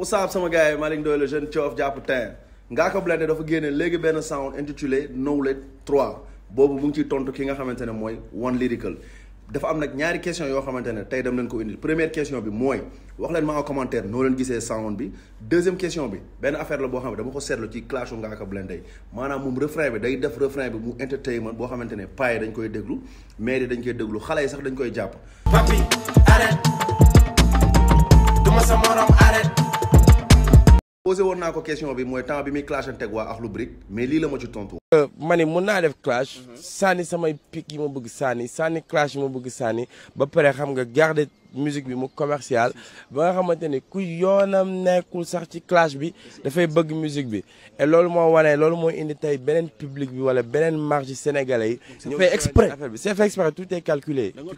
wasaab sama gars yi Malick Ndoye le jeune coof jàpp tey Ngaaka Blindé dafa génne léegi benn sound intitulé Knowledge 3 boobu mu ngi ciy tontu ki nga xamante ne mooy One Lyrical dafa am nag ñaari question yoo xamante ne tey dem leen ko indil première question bi mooy wax leen ma en commentaire noo leen gisee sound bi deuxième question bi benn affaire la boo xam ne dama ko seetlu ci clash Ngaaka Blindé maanaam moom refrain bi day def refrain dañ koy déglu mairie dañ koy koy jàpp. posé woon naa ko question bi mooy temps bi muy clashante ak waa Akhlou Brick mais lii la ma euh, ni mun naa def clash. Mhm. sànni samay pic yi ma bëgg sànni sànni clash yi ma bëgg sànni ba pare xam nga garder musique bi mu commercial ba nga xamante ni ku yoonam nekkul sax ci clash bi dafay bëgg musique bi et loolu moo wane loolu moo indi tey beneen public bi wala beneen marge sénégalais yi. c'est fait exprès c'est fait